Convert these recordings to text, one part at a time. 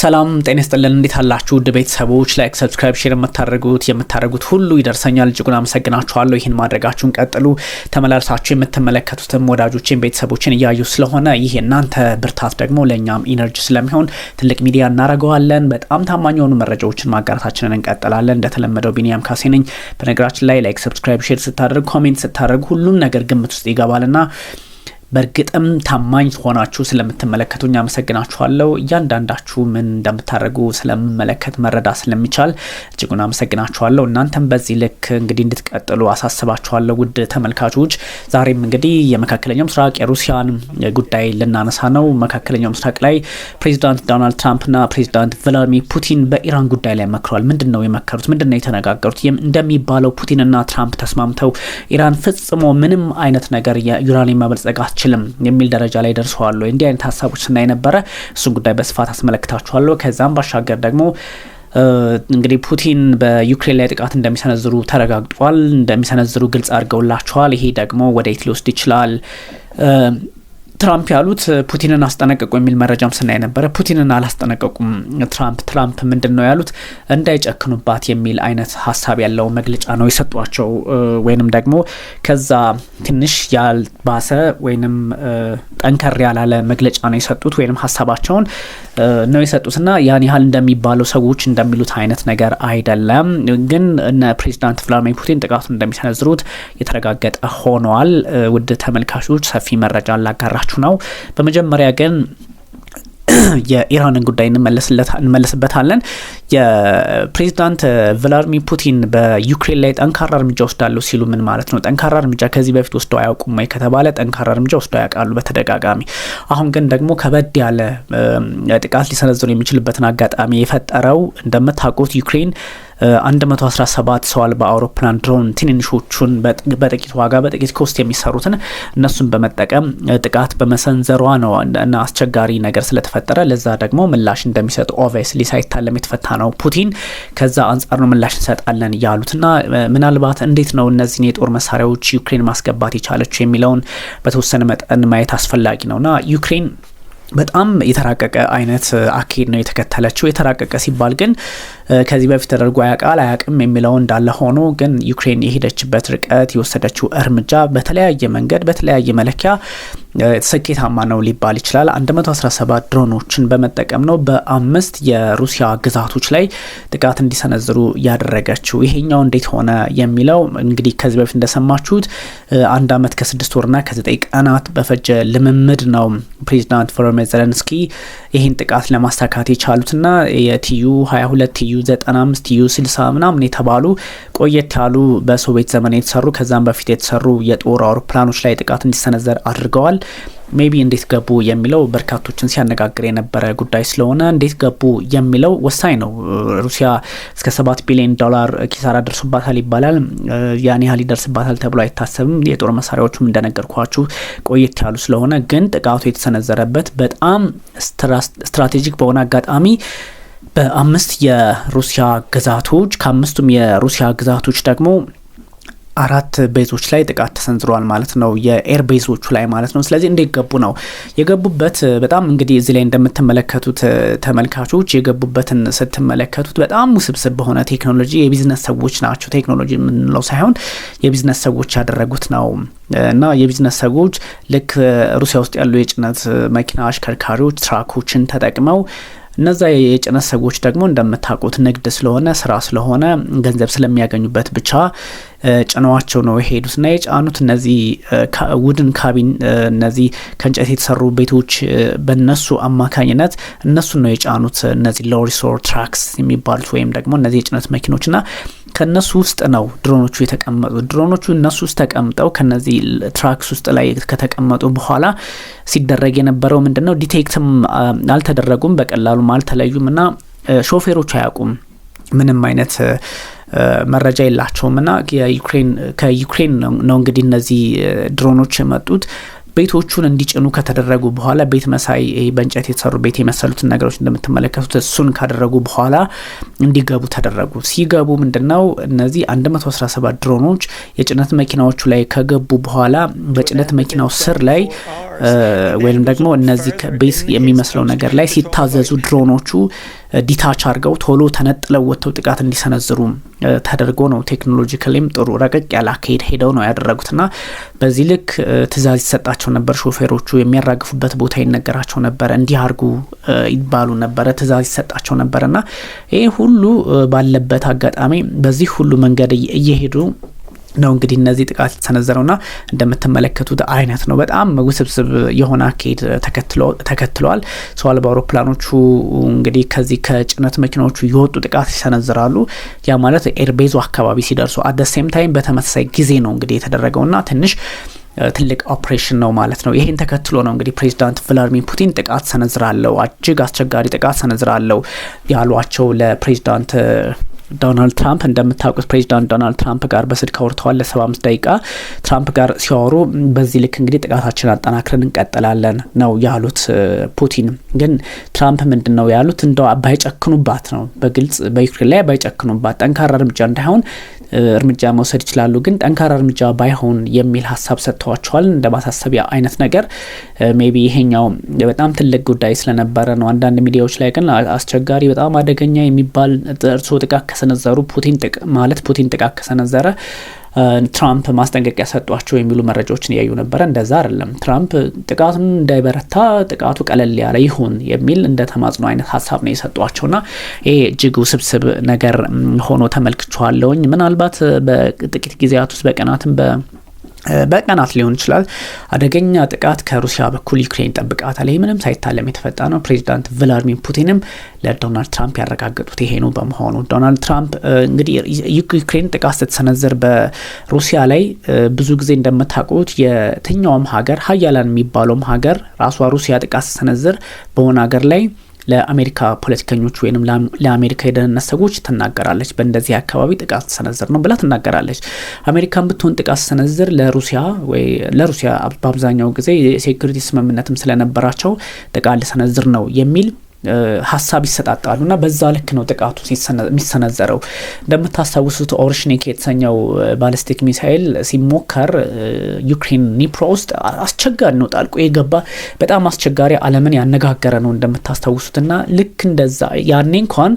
ሰላም ጤና ስጥልን። እንዴት አላችሁ? ውድ ቤተሰቦች ላይክ፣ ሰብስክራይብ፣ ሼር የምታደርጉት የምታደርጉት ሁሉ ይደርሰኛል። እጅጉን አመሰግናችኋለሁ። ይህን ማድረጋችሁን ቀጥሉ። ተመላልሳችሁ የምትመለከቱትም ወዳጆችን ቤተሰቦችን እያዩ ስለሆነ ይህ የእናንተ ብርታት ደግሞ ለእኛም ኢነርጂ ስለሚሆን ትልቅ ሚዲያ እናደርገዋለን። በጣም ታማኝ የሆኑ መረጃዎችን ማጋራታችንን እንቀጥላለን። እንደተለመደው ቢኒያም ካሴ ነኝ። በነገራችን ላይ ላይክ፣ ሰብስክራይብ፣ ሼር ስታደርግ ኮሜንት ስታደርግ ሁሉም ነገር ግምት ውስጥ ይገባልና በእርግጥም ታማኝ ሆናችሁ ስለምትመለከቱኝ አመሰግናችኋለሁ። እያንዳንዳችሁ ምን እንደምታደርጉ ስለምመለከት መረዳ ስለሚቻል እጅጉን አመሰግናችኋለሁ። እናንተም በዚህ ልክ እንግዲህ እንድትቀጥሉ አሳስባችኋለሁ። ውድ ተመልካቾች፣ ዛሬም እንግዲህ የመካከለኛው ምስራቅ የሩሲያን ጉዳይ ልናነሳ ነው። መካከለኛው ምስራቅ ላይ ፕሬዚዳንት ዶናልድ ትራምፕና ፕሬዚዳንት ቭላድሚር ፑቲን በኢራን ጉዳይ ላይ መክረዋል። ምንድን ነው የመከሩት? ምንድን ነው የተነጋገሩት? እንደሚባለው ፑቲንና ትራምፕ ተስማምተው ኢራን ፈጽሞ ምንም አይነት ነገር የዩራኒየም መበልጸጋት አልችልም የሚል ደረጃ ላይ ደርሰዋል እንዲህ አይነት ሀሳቦች ስናይ ነበረ። እሱን ጉዳይ በስፋት አስመለክታችኋለሁ። ከዛም ባሻገር ደግሞ እንግዲህ ፑቲን በዩክሬን ላይ ጥቃት እንደሚሰነዝሩ ተረጋግጧል። እንደሚሰነዝሩ ግልጽ አድርገውላቸዋል። ይሄ ደግሞ ወደ የት ሊወስድ ይችላል ትራምፕ ያሉት ፑቲንን አስጠነቀቁ የሚል መረጃም ስናይ ነበረ። ፑቲንን አላስጠነቀቁም ትራምፕ። ትራምፕ ምንድን ነው ያሉት እንዳይጨክኑባት የሚል አይነት ሀሳብ ያለው መግለጫ ነው የሰጧቸው። ወይንም ደግሞ ከዛ ትንሽ ያልባሰ ወይንም ጠንከር ያላለ መግለጫ ነው የሰጡት ወይንም ሀሳባቸውን ነው ና ያን ያህል እንደሚባለው ሰዎች እንደሚሉት አይነት ነገር አይደለም። ግን እነ ፕሬዚዳንት ቭላድሚር ፑቲን ጥቃቱን እንደሚሰነዝሩት የተረጋገጠ ሆኗል ውድ ተመልካቾች ሰፊ መረጃ ላጋራችሁ ነው። በመጀመሪያ ግን የኢራንን ጉዳይ እንመለስበታለን። የፕሬዚዳንት ቭላድሚር ፑቲን በዩክሬን ላይ ጠንካራ እርምጃ ወስዳለሁ ሲሉ ምን ማለት ነው? ጠንካራ እርምጃ ከዚህ በፊት ወስደው አያውቁም ወይ ከተባለ ጠንካራ እርምጃ ወስደው ያውቃሉ በተደጋጋሚ። አሁን ግን ደግሞ ከበድ ያለ ጥቃት ሊሰነዝሩ የሚችልበትን አጋጣሚ የፈጠረው እንደምታውቁት ዩክሬን 117 ሰው አልባ አውሮፕላን ድሮን ትንንሾቹን በጥቂት ዋጋ በጥቂት ኮስት የሚሰሩትን እነሱን በመጠቀም ጥቃት በመሰንዘሯ ነው እና አስቸጋሪ ነገር ስለተፈጠረ ለዛ ደግሞ ምላሽ እንደሚሰጥ ኦቬስሊ ሳይታለም የተፈታ ነው ፑቲን ከዛ አንጻር ነው ምላሽ እንሰጣለን ያሉትና ምናልባት እንዴት ነው እነዚህን የጦር መሳሪያዎች ዩክሬን ማስገባት የቻለችው የሚለውን በተወሰነ መጠን ማየት አስፈላጊ ነውና ዩክሬን በጣም የተራቀቀ አይነት አካሄድ ነው የተከተለችው። የተራቀቀ ሲባል ግን ከዚህ በፊት ተደርጎ ያውቃል አያውቅም የሚለው እንዳለ ሆኖ ግን ዩክሬን የሄደችበት ርቀት የወሰደችው እርምጃ በተለያየ መንገድ በተለያየ መለኪያ ስኬታማ ነው ሊባል ይችላል። 117 ድሮኖችን በመጠቀም ነው በአምስት የሩሲያ ግዛቶች ላይ ጥቃት እንዲሰነዝሩ ያደረገችው። ይሄኛው እንዴት ሆነ የሚለው እንግዲህ ከዚህ በፊት እንደሰማችሁት አንድ ዓመት ከስድስት ወርና ከዘጠኝ ቀናት በፈጀ ልምምድ ነው ፕሬዚዳንት ቮሎዲሚር ዘለንስኪ ይህን ጥቃት ለማሳካት የቻሉትና የቲዩ 22 ቲዩ 95 ዩ 60 ምናምን የተባሉ ቆየት ያሉ በሶቪየት ዘመን የተሰሩ ከዛም በፊት የተሰሩ የጦር አውሮፕላኖች ላይ ጥቃት እንዲሰነዘር አድርገዋል። ሜቢ እንዴት ገቡ የሚለው በርካቶችን ሲያነጋግር የነበረ ጉዳይ ስለሆነ እንዴት ገቡ የሚለው ወሳኝ ነው። ሩሲያ እስከ ሰባት ቢሊዮን ዶላር ኪሳራ ደርሱባታል ይባላል። ያን ያህል ይደርስባታል ተብሎ አይታሰብም። የጦር መሳሪያዎቹም እንደነገርኳችሁ ቆየት ያሉ ስለሆነ፣ ግን ጥቃቱ የተሰነዘረበት በጣም ስትራቴጂክ በሆነ አጋጣሚ በአምስት የሩሲያ ግዛቶች ከአምስቱም የሩሲያ ግዛቶች ደግሞ አራት ቤዞች ላይ ጥቃት ተሰንዝሯል ማለት ነው። የኤር ቤዞቹ ላይ ማለት ነው። ስለዚህ እንዴት ገቡ ነው የገቡበት። በጣም እንግዲህ እዚህ ላይ እንደምትመለከቱት ተመልካቾች የገቡበትን ስትመለከቱት በጣም ውስብስብ በሆነ ቴክኖሎጂ የቢዝነስ ሰዎች ናቸው። ቴክኖሎጂ የምንለው ሳይሆን የቢዝነስ ሰዎች ያደረጉት ነው እና የቢዝነስ ሰዎች ልክ ሩሲያ ውስጥ ያሉ የጭነት መኪና አሽከርካሪዎች ትራኮችን ተጠቅመው እነዛ የጭነት ሰዎች ደግሞ እንደምታውቁት ንግድ ስለሆነ ስራ ስለሆነ ገንዘብ ስለሚያገኙበት ብቻ ጭነዋቸው ነው የሄዱት እና የጫኑት እነዚህ ውድን ካቢን እነዚህ ከእንጨት የተሰሩ ቤቶች በነሱ አማካኝነት እነሱን ነው የጫኑት እነዚህ ሎሪሶር ትራክስ የሚባሉት ወይም ደግሞ እነዚህ የጭነት ና ከእነሱ ውስጥ ነው ድሮኖቹ የተቀመጡት። ድሮኖቹ እነሱ ውስጥ ተቀምጠው ከነዚህ ትራክስ ውስጥ ላይ ከተቀመጡ በኋላ ሲደረግ የነበረው ምንድን ነው? ዲቴክትም አልተደረጉም፣ በቀላሉም አልተለዩም እና ሾፌሮች አያውቁም ምንም አይነት መረጃ የላቸውም እና ከዩክሬን ነው እንግዲህ እነዚህ ድሮኖች የመጡት ቤቶቹን እንዲጭኑ ከተደረጉ በኋላ ቤት መሳይ በእንጨት የተሰሩ ቤት የመሰሉትን ነገሮች እንደምትመለከቱት እሱን ካደረጉ በኋላ እንዲገቡ ተደረጉ። ሲገቡ ምንድነው እነዚህ 117 ድሮኖች የጭነት መኪናዎቹ ላይ ከገቡ በኋላ በጭነት መኪናው ስር ላይ ወይም ደግሞ እነዚህ ቤት የሚመስለው ነገር ላይ ሲታዘዙ ድሮኖቹ ዲታች አድርገው ቶሎ ተነጥለው ወጥተው ጥቃት እንዲሰነዝሩ ተደርጎ ነው። ቴክኖሎጂካሊም ጥሩ ረቀቅ ያለ አካሄድ ሄደው ነው ያደረጉትና በዚህ ልክ ትእዛዝ ይሰጣቸው ነበር። ሾፌሮቹ የሚያራግፉበት ቦታ ይነገራቸው ነበረ፣ እንዲህ አርጉ ይባሉ ነበረ፣ ትእዛዝ ይሰጣቸው ነበረና ይህ ሁሉ ባለበት አጋጣሚ በዚህ ሁሉ መንገድ እየሄዱ ነው እንግዲህ እነዚህ ጥቃት ና እንደምትመለከቱት አይነት ነው። በጣም ውስብስብ የሆነ አካሄድ ተከትለዋል። ሰዋል በአውሮፕላኖቹ እንግዲህ ከዚህ ከጭነት መኪናዎቹ የወጡ ጥቃት ይሰነዝራሉ። ያ ማለት ኤርቤዞ አካባቢ ሲደርሱ አደ ሴም ታይም በተመሳሳይ ጊዜ ነው እንግዲህ የተደረገውና ትንሽ ትልቅ ኦፕሬሽን ነው ማለት ነው። ይሄን ተከትሎ ነው እንግዲህ ፕሬዚዳንት ቭላዲሚር ፑቲን ጥቃት ሰነዝራለው፣ እጅግ አስቸጋሪ ጥቃት ሰነዝራለው ያሏቸው ለፕሬዚዳንት ዶናልድ ትራምፕ እንደምታውቁት ፕሬዚዳንት ዶናልድ ትራምፕ ጋር በስልክ አውርተዋል ለሰባ አምስት ደቂቃ ትራምፕ ጋር ሲያወሩ በዚህ ልክ እንግዲህ ጥቃታችን አጠናክረን እንቀጥላለን ነው ያሉት። ፑቲን ግን ትራምፕ ምንድን ነው ያሉት እንደ ባይጨክኑባት ነው በግልጽ በዩክሬን ላይ ባይጨክኑባት ጠንካራ እርምጃ እንዳይሆን እርምጃ መውሰድ ይችላሉ፣ ግን ጠንካራ እርምጃ ባይሆን የሚል ሀሳብ ሰጥተዋቸዋል። እንደ ማሳሰቢያ አይነት ነገር ሜቢ ይሄኛው በጣም ትልቅ ጉዳይ ስለነበረ ነው። አንዳንድ ሚዲያዎች ላይ ግን አስቸጋሪ፣ በጣም አደገኛ የሚባል እርሱ ጥቃት ከሰነዘሩ ፑቲን ማለት ፑቲን ጥቃት ከሰነዘረ ትራምፕ ማስጠንቀቂያ ሰጧቸው የሚሉ መረጃዎችን እያዩ ነበረ። እንደዛ አይደለም። ትራምፕ ጥቃቱን እንዳይበረታ ጥቃቱ ቀለል ያለ ይሁን የሚል እንደ ተማጽኖ አይነት ሀሳብ ነው የሰጧቸውና ይሄ እጅግ ውስብስብ ነገር ሆኖ ተመልክቸዋለውኝ። ምናልባት በጥቂት ጊዜያት ውስጥ በቀናትም በ በቀናት ሊሆን ይችላል። አደገኛ ጥቃት ከሩሲያ በኩል ዩክሬን ጠብቃታል። ይህ ምንም ሳይታለም የተፈጣ ነው። ፕሬዚዳንት ቭላድሚር ፑቲንም ለዶናልድ ትራምፕ ያረጋገጡት ይሄ ነው በመሆኑ ዶናልድ ትራምፕ እንግዲህ ዩክሬን ጥቃት ስትሰነዘር በሩሲያ ላይ ብዙ ጊዜ እንደምታውቁት የትኛውም ሀገር ሀያላን የሚባለውም ሀገር ራሷ ሩሲያ ጥቃት ስትሰነዝር በሆነ ሀገር ላይ ለአሜሪካ ፖለቲከኞች ወይም ለአሜሪካ የደህንነት ሰዎች ትናገራለች። በእንደዚህ አካባቢ ጥቃት ሰነዝር ነው ብላ ትናገራለች። አሜሪካን ብትሆን ጥቃት ሰነዝር ለሩሲያ ወይ ለሩሲያ በአብዛኛው ጊዜ የሴኩሪቲ ስምምነትም ስለነበራቸው ጥቃት ልሰነዝር ነው የሚል ሀሳብ ይሰጣጣሉ እና በዛ ልክ ነው ጥቃቱ የሚሰነዘረው። እንደምታስታውሱት ኦርሽኒክ የተሰኘው ባለስቲክ ሚሳይል ሲሞከር ዩክሬን ኒፕሮ ውስጥ አስቸጋሪ ነው፣ ጣልቆ የገባ በጣም አስቸጋሪ ዓለምን ያነጋገረ ነው እንደምታስታውሱት እና ልክ እንደዛ ያኔ እንኳን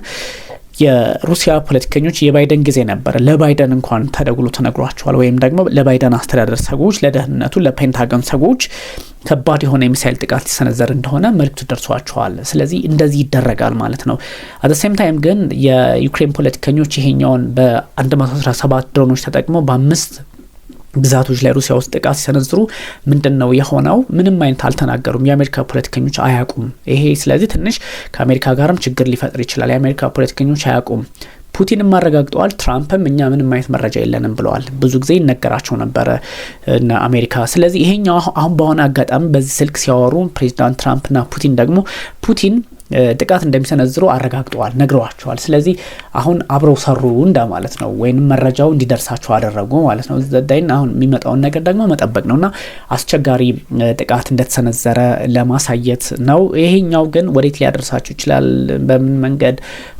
የሩሲያ ፖለቲከኞች የባይደን ጊዜ ነበረ፣ ለባይደን እንኳን ተደውሎ ተነግሯቸዋል። ወይም ደግሞ ለባይደን አስተዳደር ሰዎች፣ ለደህንነቱ ለፔንታገን ሰዎች ከባድ የሆነ የሚሳይል ጥቃት ሲሰነዘር እንደሆነ መልክቱ ደርሷቸዋል። ስለዚህ እንደዚህ ይደረጋል ማለት ነው። አደ ሴም ታይም ግን የዩክሬን ፖለቲከኞች ይሄኛውን በ117 ድሮኖች ተጠቅመው በአምስት ብዛቶች ላይ ሩሲያ ውስጥ ጥቃት ሲሰነዝሩ ምንድን ነው የሆነው? ምንም አይነት አልተናገሩም። የአሜሪካ ፖለቲከኞች አያውቁም። ይሄ ስለዚህ ትንሽ ከአሜሪካ ጋርም ችግር ሊፈጥር ይችላል። የአሜሪካ ፖለቲከኞች አያውቁም። ፑቲንም አረጋግጠዋል። ትራምፕም እኛ ምንም አይነት መረጃ የለንም ብለዋል። ብዙ ጊዜ ይነገራቸው ነበረ አሜሪካ። ስለዚህ ይሄኛው አሁን በሆነ አጋጣሚ በዚህ ስልክ ሲያወሩ ፕሬዚዳንት ትራምፕና ፑቲን ደግሞ ፑቲን ጥቃት እንደሚሰነዝሩ አረጋግጠዋል፣ ነግረዋቸዋል። ስለዚህ አሁን አብረው ሰሩ እንደማለት ነው፣ ወይም መረጃው እንዲደርሳቸው አደረጉ ማለት ነው። ዘዳይን አሁን የሚመጣውን ነገር ደግሞ መጠበቅ ነው እና አስቸጋሪ ጥቃት እንደተሰነዘረ ለማሳየት ነው። ይሄኛው ግን ወዴት ሊያደርሳቸው ይችላል? በምን መንገድ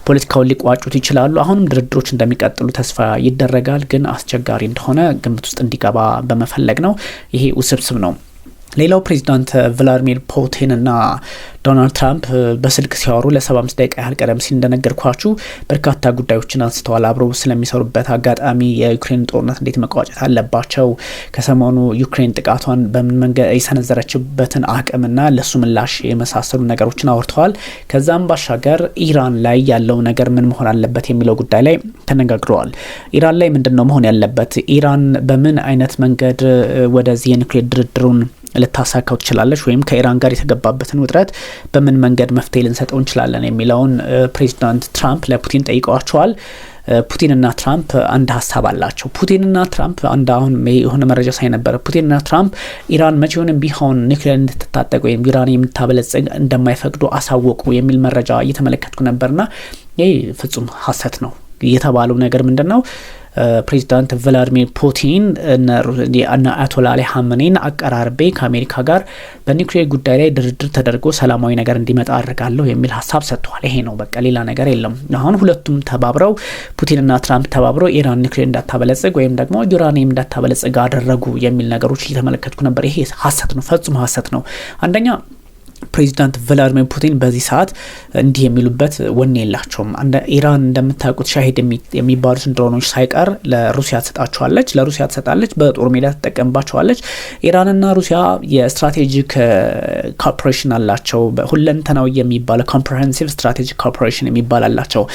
ፖለቲካውን ሊቋጩት ይችላሉ? አሁንም ድርድሮች እንደሚቀጥሉ ተስፋ ይደረጋል፣ ግን አስቸጋሪ እንደሆነ ግምት ውስጥ እንዲገባ በመፈለግ ነው። ይሄ ውስብስብ ነው። ሌላው ፕሬዚዳንት ቭላድሚር ፑቲን እና ዶናልድ ትራምፕ በስልክ ሲያወሩ ለ75 ደቂቃ ያህል ቀደም ሲል እንደነገርኳችሁ በርካታ ጉዳዮችን አንስተዋል። አብረው ስለሚሰሩበት አጋጣሚ፣ የዩክሬን ጦርነት እንዴት መቋጨት አለባቸው፣ ከሰሞኑ ዩክሬን ጥቃቷን በምን መንገድ የሰነዘረችበትን አቅምና ለሱ ምላሽ የመሳሰሉ ነገሮችን አውርተዋል። ከዛም ባሻገር ኢራን ላይ ያለው ነገር ምን መሆን አለበት የሚለው ጉዳይ ላይ ተነጋግረዋል። ኢራን ላይ ምንድን ነው መሆን ያለበት? ኢራን በምን አይነት መንገድ ወደዚህ የኒክሌር ድርድሩን ልታሳካው ትችላለች ወይም ከኢራን ጋር የተገባበትን ውጥረት በምን መንገድ መፍትሄ ልንሰጠው እንችላለን የሚለውን ፕሬዚዳንት ትራምፕ ለፑቲን ጠይቀዋቸዋል። ፑቲንና ትራምፕ አንድ ሀሳብ አላቸው። ፑቲንና ትራምፕ አንድ አሁን የሆነ መረጃ ሳይ ነበረ። ፑቲንና ትራምፕ ኢራን መቼውንም ቢሆን ኒክሌር እንድትታጠቅ ወይም ኢራን የምታበለጽግ እንደማይፈቅዱ አሳወቁ የሚል መረጃ እየተመለከትኩ ነበርና ይህ ፍጹም ሀሰት ነው የተባለው ነገር ምንድን ነው? ፕሬዚዳንት ቭላዲሚር ፑቲን እነ አያቶላ አሊ ሀመኔን አቀራርቤ ከአሜሪካ ጋር በኒውክሌር ጉዳይ ላይ ድርድር ተደርጎ ሰላማዊ ነገር እንዲመጣ አድርጋለሁ የሚል ሀሳብ ሰጥተዋል። ይሄ ነው በቃ ሌላ ነገር የለም። አሁን ሁለቱም ተባብረው ፑቲንና ትራምፕ ተባብረው ኢራን ኒውክሌር እንዳታበለጽግ ወይም ደግሞ ዩራኒየም እንዳታበለጽግ አደረጉ የሚል ነገሮች እየተመለከትኩ ነበር። ይሄ ሀሰት ነው፣ ፈጹም ሀሰት ነው። አንደኛ ፕሬዚዳንት ቭላዲሚር ፑቲን በዚህ ሰዓት እንዲህ የሚሉበት ወኔ የላቸውም። ኢራን እንደምታውቁት ሻሂድ የሚባሉትን ድሮኖች ሳይቀር ለሩሲያ ትሰጣቸዋለች፣ ለሩሲያ ትሰጣለች፣ በጦር ሜዳ ትጠቀምባቸዋለች። ኢራንና ሩሲያ የስትራቴጂክ ኮፕሬሽን አላቸው። ሁለንተናዊ የሚባለ ኮምፕሬሄንሲቭ ስትራቴጂክ ኮፕሬሽን የሚባል አላቸው።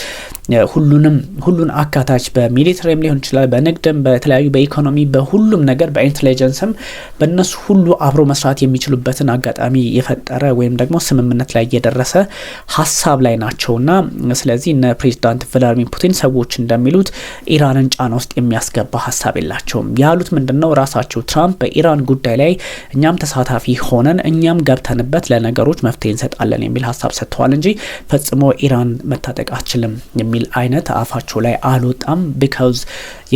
ሁሉንም ሁሉን አካታች በሚሊተሪም ሊሆን ይችላል፣ በንግድም፣ በተለያዩ በኢኮኖሚ፣ በሁሉም ነገር በኢንቴሊጀንስም በእነሱ ሁሉ አብሮ መስራት የሚችሉበትን አጋጣሚ የፈጠረ ወይም ደግሞ ስምምነት ላይ እየደረሰ ሀሳብ ላይ ናቸውና ስለዚህ እነ ፕሬዚዳንት ቭላድሚር ፑቲን ሰዎች እንደሚሉት ኢራንን ጫና ውስጥ የሚያስገባ ሀሳብ የላቸውም። ያሉት ምንድን ነው? ራሳቸው ትራምፕ በኢራን ጉዳይ ላይ እኛም ተሳታፊ ሆነን እኛም ገብተንበት ለነገሮች መፍትሄ እንሰጣለን የሚል ሀሳብ ሰጥተዋል እንጂ ፈጽሞ ኢራን መታጠቅ አትችልም የሚል አይነት አፋቸው ላይ አልወጣም። ቢካውዝ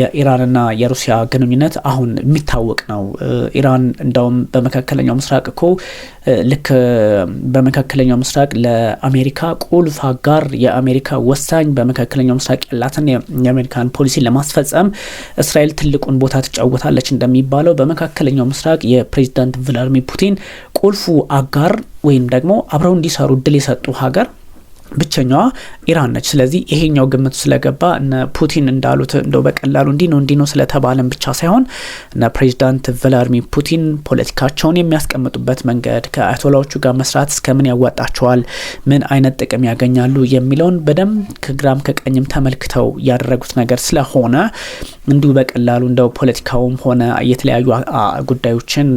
የኢራንና የሩሲያ ግንኙነት አሁን የሚታወቅ ነው። ኢራን እንደውም በመካከለኛው ምስራቅ እኮ ልክ በመካከለኛው ምስራቅ ለአሜሪካ ቁልፍ አጋር የአሜሪካ ወሳኝ በመካከለኛው ምስራቅ ያላትን የአሜሪካን ፖሊሲ ለማስፈጸም እስራኤል ትልቁን ቦታ ትጫወታለች እንደሚባለው በመካከለኛው ምስራቅ የፕሬዚዳንት ቭላድሚር ፑቲን ቁልፉ አጋር ወይም ደግሞ አብረው እንዲሰሩ እድል የሰጡ ሀገር ብቸኛዋ ኢራን ነች። ስለዚህ ይሄኛው ግምት ስለገባ እነ ፑቲን እንዳሉት እንደው በቀላሉ እንዲህ ነው እንዲህ ነው ስለተባለን ብቻ ሳይሆን እነ ፕሬዚዳንት ቭላድሚር ፑቲን ፖለቲካቸውን የሚያስቀምጡበት መንገድ ከአያቶላዎቹ ጋር መስራት እስከምን ያዋጣቸዋል፣ ምን አይነት ጥቅም ያገኛሉ የሚለውን በደንብ ከግራም ከቀኝም ተመልክተው ያደረጉት ነገር ስለሆነ እንዲሁ በቀላሉ እንደው ፖለቲካውም ሆነ የተለያዩ ጉዳዮችን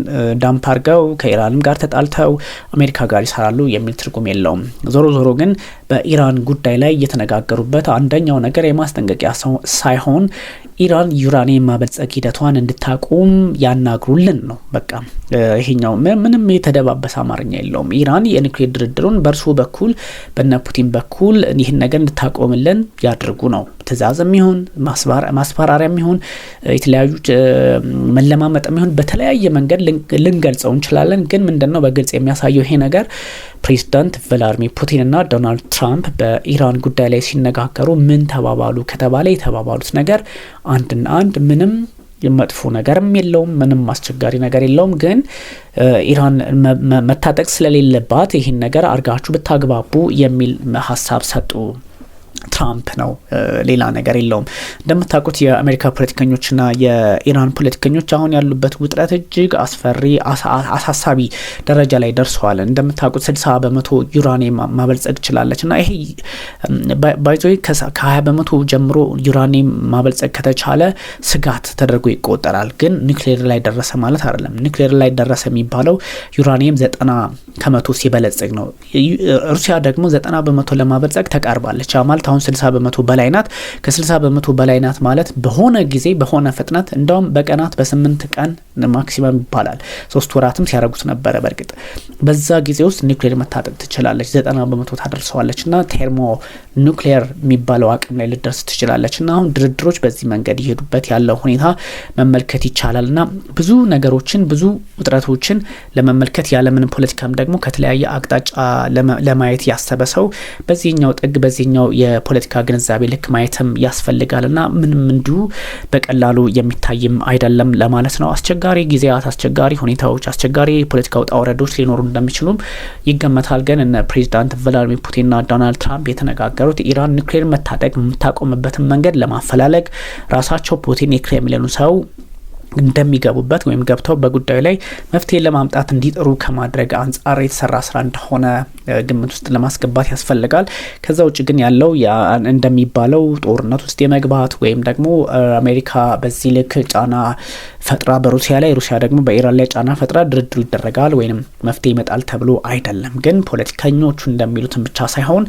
ዳምፕ አርገው ከኢራንም ጋር ተጣልተው አሜሪካ ጋር ይሰራሉ የሚል ትርጉም የለውም። ዞሮ ዞሮ ግን በኢራን ጉዳይ ላይ እየተነጋገሩበት አንደኛው ነገር የማስጠንቀቂያ ሳይሆን ኢራን ዩራኒየም የማበልጸግ ሂደቷን እንድታቆም ያናግሩልን ነው። በቃ ይሄኛው ምንም የተደባበሰ አማርኛ የለውም። ኢራን የኒውክሌር ድርድሩን በእርሱ በኩል በነ ፑቲን በኩል ይህን ነገር እንድታቆምልን ያድርጉ ነው። ትእዛዝ የሚሆን ማስፈራሪያ የሚሆን የተለያዩ መለማመጥ የሚሆን በተለያየ መንገድ ልንገልጸው እንችላለን። ግን ምንድን ነው በግልጽ የሚያሳየው ይሄ ነገር ፕሬዚዳንት ቭላድሚር ፑቲንና ዶናልድ ትራምፕ በኢራን ጉዳይ ላይ ሲነጋገሩ ምን ተባባሉ ከተባለ የተባባሉት ነገር አንድና አንድ ምንም የመጥፎ ነገርም የለውም፣ ምንም አስቸጋሪ ነገር የለውም። ግን ኢራን መታጠቅ ስለሌለባት ይህን ነገር አርጋችሁ ብታግባቡ የሚል ሀሳብ ሰጡ። ትራምፕ ነው። ሌላ ነገር የለውም። እንደምታውቁት የአሜሪካ ፖለቲከኞችና የኢራን ፖለቲከኞች አሁን ያሉበት ውጥረት እጅግ አስፈሪ፣ አሳሳቢ ደረጃ ላይ ደርሰዋል። እንደምታውቁት ስልሳ በመቶ ዩራኒየም ማበልጸግ ችላለች እና ይሄ ባይዞ ከሀያ በመቶ ጀምሮ ዩራኒየም ማበልጸግ ከተቻለ ስጋት ተደርጎ ይቆጠራል። ግን ኒክሌር ላይ ደረሰ ማለት አይደለም። ኒክሌር ላይ ደረሰ የሚባለው ዩራኒየም ዘጠና ከመቶ ሲበለጽግ ነው። ሩሲያ ደግሞ ዘጠና በመቶ ለማበልጸግ ተቃርባለች ማለት አሁን 60 በመቶ በላይ ናት። ከ60 በመቶ በላይ ናት ማለት በሆነ ጊዜ በሆነ ፍጥነት እንደውም በቀናት በስምንት ቀን ማክሲመም ይባላል። ሶስት ወራትም ሲያደርጉት ነበረ። በእርግጥ በዛ ጊዜ ውስጥ ኒውክሌር መታጠቅ ትችላለች። 90 በመቶ ታደርሰዋለች እና ቴርሞ ኒውክሌር የሚባለው አቅም ላይ ልደርስ ትችላለች እና አሁን ድርድሮች በዚህ መንገድ ይሄዱበት ያለው ሁኔታ መመልከት ይቻላል እና ብዙ ነገሮችን ብዙ ውጥረቶችን ለመመልከት ያለምንም ፖለቲካም ደግሞ ከተለያየ አቅጣጫ ለማየት ያሰበ ሰው በዚህኛው ጥግ በዚህኛው የፖለቲካ ግንዛቤ ልክ ማየትም ና ምንም እንዲሁ በቀላሉ የሚታይም አይደለም ለማለት ነው። አስቸጋሪ ጊዜያት፣ አስቸጋሪ ሁኔታዎች፣ አስቸጋሪ የፖለቲካ ውጣ ውረዶች ሊኖሩ እንደሚችሉም ይገመታል። ግን እነ ፕሬዚዳንት ፑቲን ና ዶናልድ ትራምፕ የተነጋገሩት ኢራን ኒክሌር መታጠቅ የምታቆምበትን መንገድ ለማፈላለግ ራሳቸው ፑቲን የክሬምሊኑ ሰው እንደሚገቡበት ወይም ገብተው በጉዳዩ ላይ መፍትሄ ለማምጣት እንዲጥሩ ከማድረግ አንጻር የተሰራ ስራ እንደሆነ ግምት ውስጥ ለማስገባት ያስፈልጋል። ከዛ ውጭ ግን ያለው እንደሚባለው ጦርነት ውስጥ የመግባት ወይም ደግሞ አሜሪካ በዚህ ልክ ጫና ፈጥራ በሩሲያ ላይ ሩሲያ ደግሞ በኢራን ላይ ጫና ፈጥራ ድርድሩ ይደረጋል ወይም መፍትሄ ይመጣል ተብሎ አይደለም። ግን ፖለቲከኞቹ እንደሚሉትን ብቻ ሳይሆን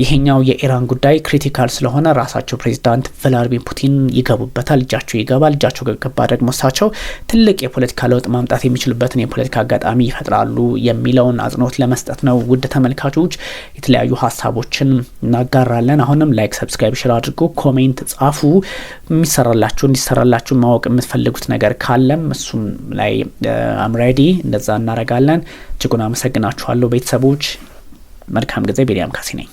ይሄኛው የኢራን ጉዳይ ክሪቲካል ስለሆነ ራሳቸው ፕሬዚዳንት ቭላድሚር ፑቲን ይገቡበታል። እጃቸው ይገባል። እጃቸው ገባ ደግሞ እሳቸው ትልቅ የፖለቲካ ለውጥ ማምጣት የሚችሉበትን የፖለቲካ አጋጣሚ ይፈጥራሉ የሚለውን አጽንኦት ለመስጠት ነው። ውድ ተመልካቾች የተለያዩ ሀሳቦችን እናጋራለን። አሁንም ላይክ፣ ሰብስክራይብ፣ ሽር አድርጎ ኮሜንት ጻፉ። የሚሰራላችሁ እንዲሰራላችሁ ማወቅ የምትፈልጉት ነገር ካለም እሱም ላይ አምሬዲ እንደዛ እናረጋለን። እጅጉን አመሰግናችኋለሁ ቤተሰቦች። መልካም ጊዜ። ቤሊያም ካሴ ነኝ።